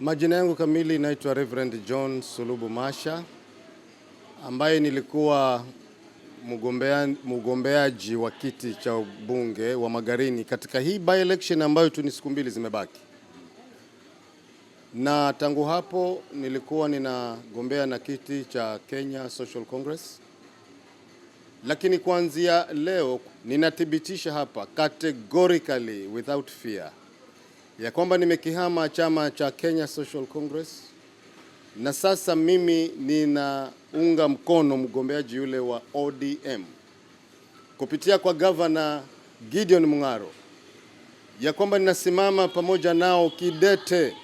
Majina yangu kamili naitwa Reverend John Sulubu Masha ambaye nilikuwa mgombea mgombeaji wa kiti cha ubunge wa Magarini katika hii by election ambayo tu ni siku mbili zimebaki, na tangu hapo nilikuwa ninagombea na kiti cha Kenya Social Congress, lakini kuanzia leo ninathibitisha hapa categorically without fear ya kwamba nimekihama chama cha Kenya Social Congress na sasa mimi ninaunga mkono mgombeaji yule wa ODM kupitia kwa Governor Gideon Mung'aro, ya kwamba ninasimama pamoja nao kidete,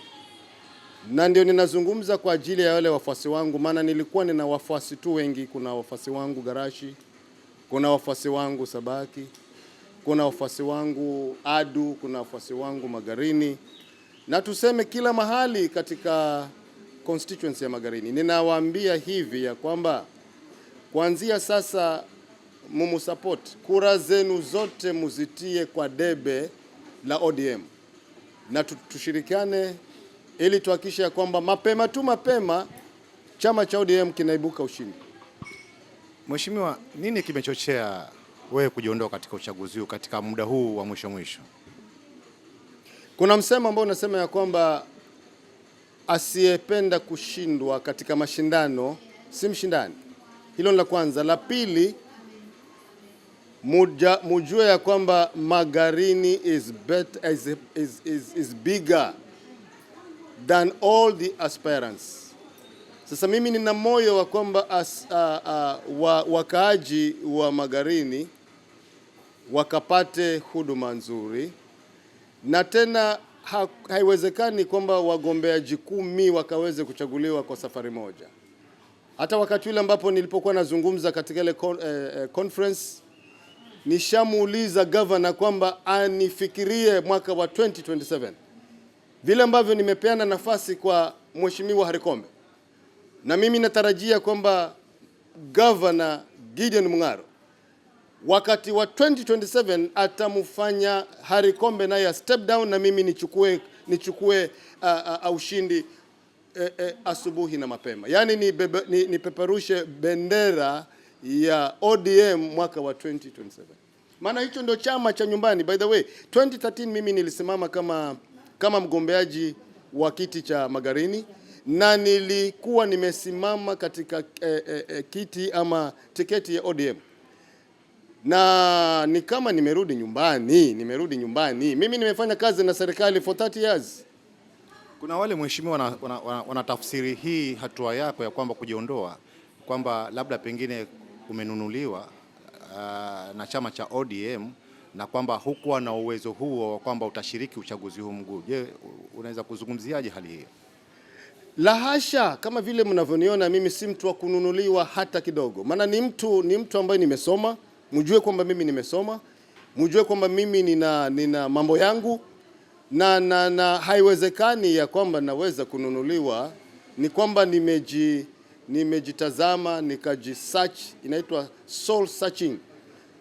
na ndio ninazungumza kwa ajili ya wale wafuasi wangu, maana nilikuwa nina wafuasi tu wengi. Kuna wafuasi wangu Garashi, kuna wafuasi wangu Sabaki kuna wafuasi wangu Adu, kuna wafuasi wangu Magarini na tuseme kila mahali katika constituency ya Magarini. Ninawaambia hivi ya kwamba kuanzia sasa mumusupport, kura zenu zote muzitie kwa debe la ODM na tushirikiane ili tuhakikishe ya kwamba mapema tu mapema chama cha ODM kinaibuka ushindi. Mheshimiwa, nini kimechochea wewe kujiondoa katika uchaguzi huu katika muda huu wa mwisho mwisho? Kuna msemo ambao unasema ya kwamba asiyependa kushindwa katika mashindano si mshindani. Hilo ni la kwanza. La pili, muja, mujue ya kwamba Magarini is, bet, is, is, is, is bigger than all the aspirants. Sasa mimi nina moyo wa kwamba as, uh, uh, wa, wakaaji wa Magarini wakapate huduma nzuri, na tena ha haiwezekani kwamba wagombeaji kumi wakaweze kuchaguliwa kwa safari moja. Hata wakati ule ambapo nilipokuwa nazungumza katika ile con eh, eh conference nishamuuliza governor kwamba anifikirie mwaka wa 2027 vile ambavyo nimepeana nafasi kwa mheshimiwa Harikombe, na mimi natarajia kwamba governor Gideon Mung'aro wakati wa 2027 atamfanya Harry Kombe naye step down na mimi nichukue, nichukue uh, uh, ushindi uh, uh, asubuhi na mapema, yaani nipeperushe ni, ni bendera ya ODM mwaka wa 2027 maana hicho ndio chama cha nyumbani. By the way, 2013 mimi nilisimama kama, kama mgombeaji wa kiti cha Magarini na nilikuwa nimesimama katika eh, eh, kiti ama tiketi ya ODM na ni kama nimerudi nyumbani, nimerudi nyumbani. Mimi nimefanya kazi na serikali for 30 years. Kuna wale mheshimiwa, wanatafsiri hii hatua yako ya kwamba kujiondoa, kwamba labda pengine umenunuliwa uh, ah, na chama cha ODM na kwamba hukuwa na uwezo huo wa kwamba utashiriki uchaguzi huu mkuu. Je, unaweza kuzungumziaje hali hiyo? Lahasha, kama vile mnavyoniona mimi si mtu wa kununuliwa hata kidogo, maana ni mtu ni mtu ambaye nimesoma mjue kwamba mimi nimesoma, mjue kwamba mimi nina, nina mambo yangu na, na, na haiwezekani ya kwamba naweza kununuliwa. Ni kwamba nimeji nimejitazama nikajisearch, inaitwa soul searching,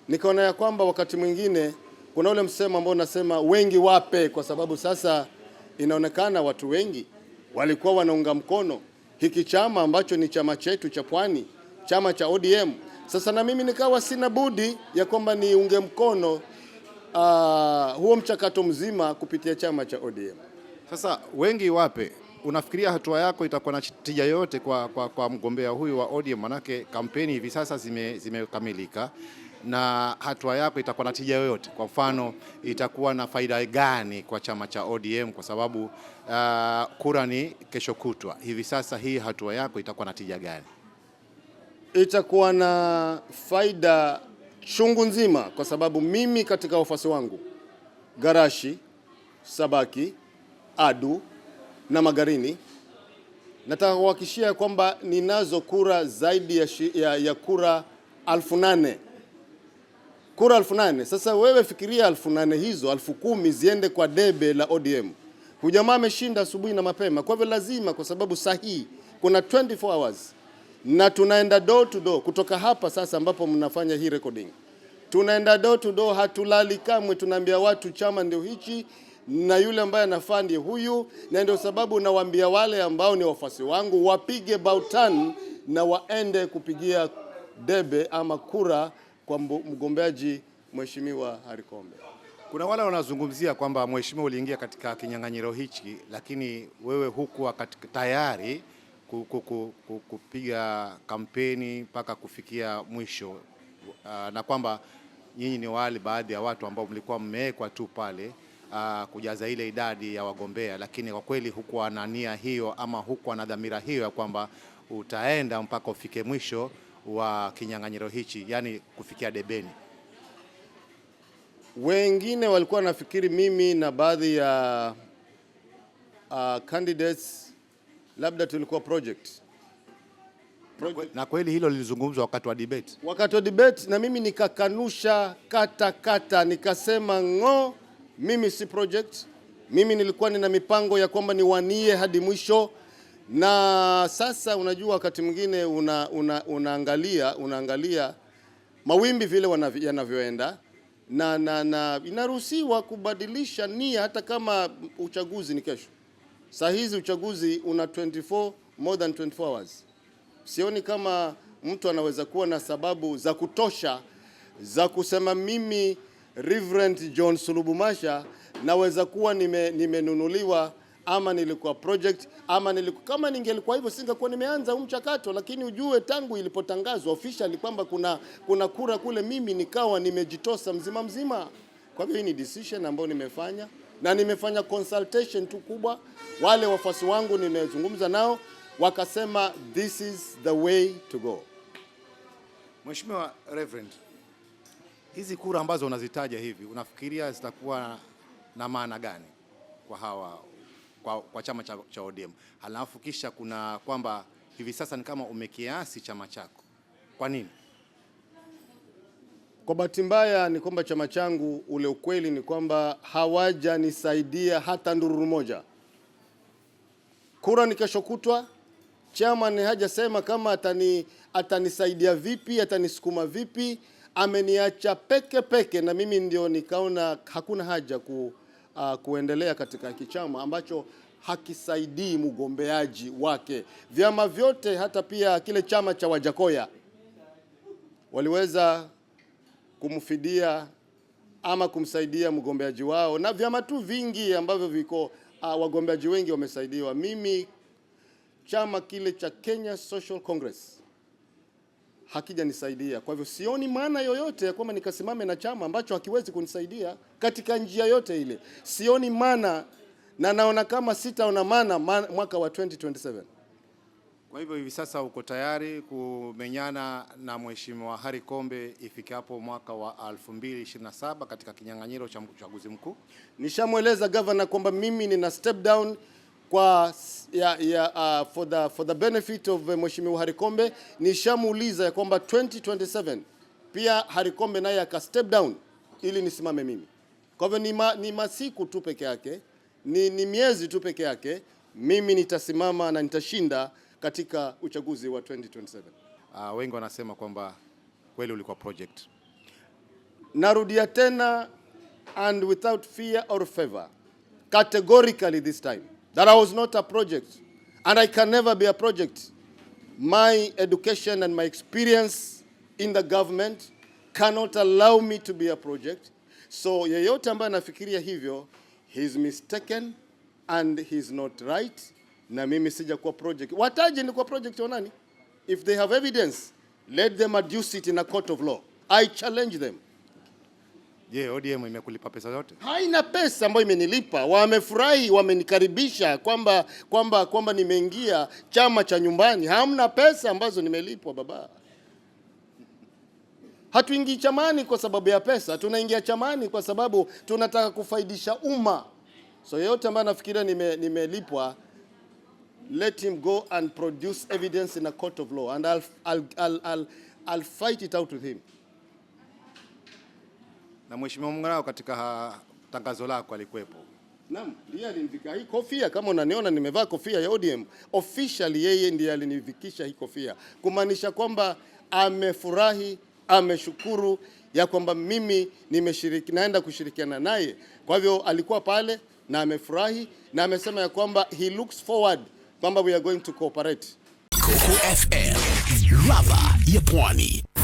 nikaona ya kwamba wakati mwingine kuna ule msemo ambao unasema wengi wape, kwa sababu sasa inaonekana watu wengi walikuwa wanaunga mkono hiki chama ambacho ni chama chetu cha Pwani, chama cha ODM. Sasa na mimi nikawa sina budi ya kwamba niunge mkono uh, huo mchakato mzima kupitia chama cha ODM. Sasa wengi wape, unafikiria hatua yako itakuwa na tija yoyote kwa, kwa, kwa mgombea huyu wa ODM? Manake kampeni hivi sasa zimekamilika, zime na hatua yako itakuwa na tija yoyote? Kwa mfano itakuwa na faida gani kwa chama cha ODM? Kwa sababu uh, kura ni kesho kutwa, hivi sasa hii hatua yako itakuwa na tija gani? itakuwa na faida chungu nzima, kwa sababu mimi katika wafuasi wangu Garashi, Sabaki, Adu na Magarini nataka kuhakikishia kwamba ninazo kura zaidi ya, shi, ya, ya kura alfu nane kura alfu nane. Sasa wewe fikiria alfu nane hizo alfu kumi ziende kwa debe la ODM. Hujamaa ameshinda asubuhi na mapema, kwa hivyo lazima, kwa sababu sahihi kuna 24 hours na tunaenda door to door kutoka hapa sasa ambapo mnafanya hii recording, tunaenda door to door, hatulali kamwe. Tunaambia watu chama ndio hichi na yule ambaye anafaa ndiye huyu, na ndio sababu nawaambia wale ambao ni wafuasi wangu wapige bautan na waende kupigia debe ama kura kwa mgombeaji Mheshimiwa Harikombe. Kuna wale wanazungumzia kwamba mheshimiwa, uliingia katika kinyang'anyiro hichi, lakini wewe hukuwa tayari kupiga kampeni mpaka kufikia mwisho ah, na kwamba nyinyi ni wale baadhi ya watu ambao mlikuwa mmewekwa tu pale ah, kujaza ile idadi ya wagombea, lakini kwa kweli hukuwa na nia hiyo ama hukuwa na dhamira hiyo ya kwamba utaenda mpaka ufike mwisho wa kinyang'anyiro hichi, yani kufikia debeni. Wengine walikuwa nafikiri mimi na baadhi ya uh, candidates labda tulikuwa project. Project. Na kweli hilo lilizungumzwa wakati wa debate, wakati wa debate, na mimi nikakanusha kata kata, nikasema ng'o, mimi si project. Mimi nilikuwa nina mipango ya kwamba niwanie hadi mwisho, na sasa unajua wakati mwingine una, una, unaangalia, unaangalia mawimbi vile yanavyoenda na, na, na inaruhusiwa kubadilisha nia hata kama uchaguzi ni kesho. Saa hizi uchaguzi una 24 more than 24 hours. Sioni kama mtu anaweza kuwa na sababu za kutosha za kusema mimi Reverend John Sulubumasha naweza kuwa nime, nimenunuliwa ama nilikuwa project ama nilikuwa, kama ningelikuwa hivyo singekuwa nimeanza huu mchakato, lakini ujue tangu ilipotangazwa officially kwamba kuna, kuna kura kule, mimi nikawa nimejitosa mzima mzima. Kwa hivyo hii ni decision ambayo nimefanya na nimefanya consultation tu kubwa. Wale wafuasi wangu nimezungumza nao wakasema this is the way to go. Mheshimiwa Reverend, hizi kura ambazo unazitaja hivi unafikiria zitakuwa na maana gani kwa hawa kwa, kwa chama cha, cha ODM? Halafu kisha kuna kwamba hivi sasa ni kama umekiasi chama chako, kwa nini? Kwa bahati mbaya ni kwamba chama changu, ule ukweli ni kwamba hawajanisaidia hata ndururu moja. Kura ni kesho kutwa, chama ni hajasema kama atani atanisaidia vipi, atanisukuma vipi. Ameniacha peke peke, na mimi ndio nikaona hakuna haja ku, uh, kuendelea katika hiki chama ambacho hakisaidii mgombeaji wake. Vyama vyote hata pia kile chama cha Wajakoya waliweza kumfidia ama kumsaidia mgombeaji wao na vyama tu vingi ambavyo viko uh, wagombeaji wengi wamesaidiwa. Mimi chama kile cha Kenya Social Congress hakijanisaidia, kwa hivyo sioni maana yoyote ya kwamba nikasimame na chama ambacho hakiwezi kunisaidia katika njia yote ile. Sioni maana na naona kama sitaona maana mwaka wa 2027. Kwa hivyo hivi sasa uko tayari kumenyana na Mheshimiwa Harry Kombe ifikapo mwaka wa 2027 katika kinyang'anyiro cha uchaguzi mkuu? Nishamweleza governor kwamba mimi nina step down kwa ya, ya, uh, for the for the benefit of uh, Mheshimiwa Harry Kombe. Nishamuuliza ya kwamba 2027 pia Harry Kombe naye aka step down ili nisimame mimi. Kwa hivyo ni, ma, ni masiku tu peke yake, ni, ni miezi tu peke yake, mimi nitasimama na nitashinda katika uchaguzi wa 2027. Uh, ah, wengi wanasema kwamba kweli ulikuwa project. Narudia tena and without fear or favor categorically this time that I was not a project and I can never be a project. My education and my experience in the government cannot allow me to be a project. So yeyote ambaye anafikiria hivyo he is mistaken and he's not right na mimi sija kuwa project. Wataje ni kwa project wa nani? If they have evidence, let them adduce it in a court of law. I challenge them. Je, yeah, ODM imekulipa pesa zote? Haina pesa ambayo imenilipa. Wamefurahi, wamenikaribisha kwamba kwamba kwamba nimeingia chama cha nyumbani. Hamna pesa ambazo nimelipwa baba. Hatuingii chamani kwa sababu ya pesa, tunaingia chamani kwa sababu tunataka kufaidisha umma. So yeyote ambaye anafikiria nimelipwa let him go and produce evidence in a court of law and I'll, I'll, I'll, I'll, I'll fight it out with him. Na mheshimiwa Mungarao katika tangazo lako alikuwepo? Naam, ndiye alinivikia hii kofia. Kama unaniona nimevaa kofia ya ODM, officially yeye ndiye alinivikisha hii kofia, kumaanisha kwamba amefurahi, ameshukuru ya kwamba mimi nimeshiriki, naenda kushirikiana naye. Kwa hivyo alikuwa pale na amefurahi na amesema ya kwamba he looks forward kwamba we are going to cooperate. Coco FM, ladha ya Pwani.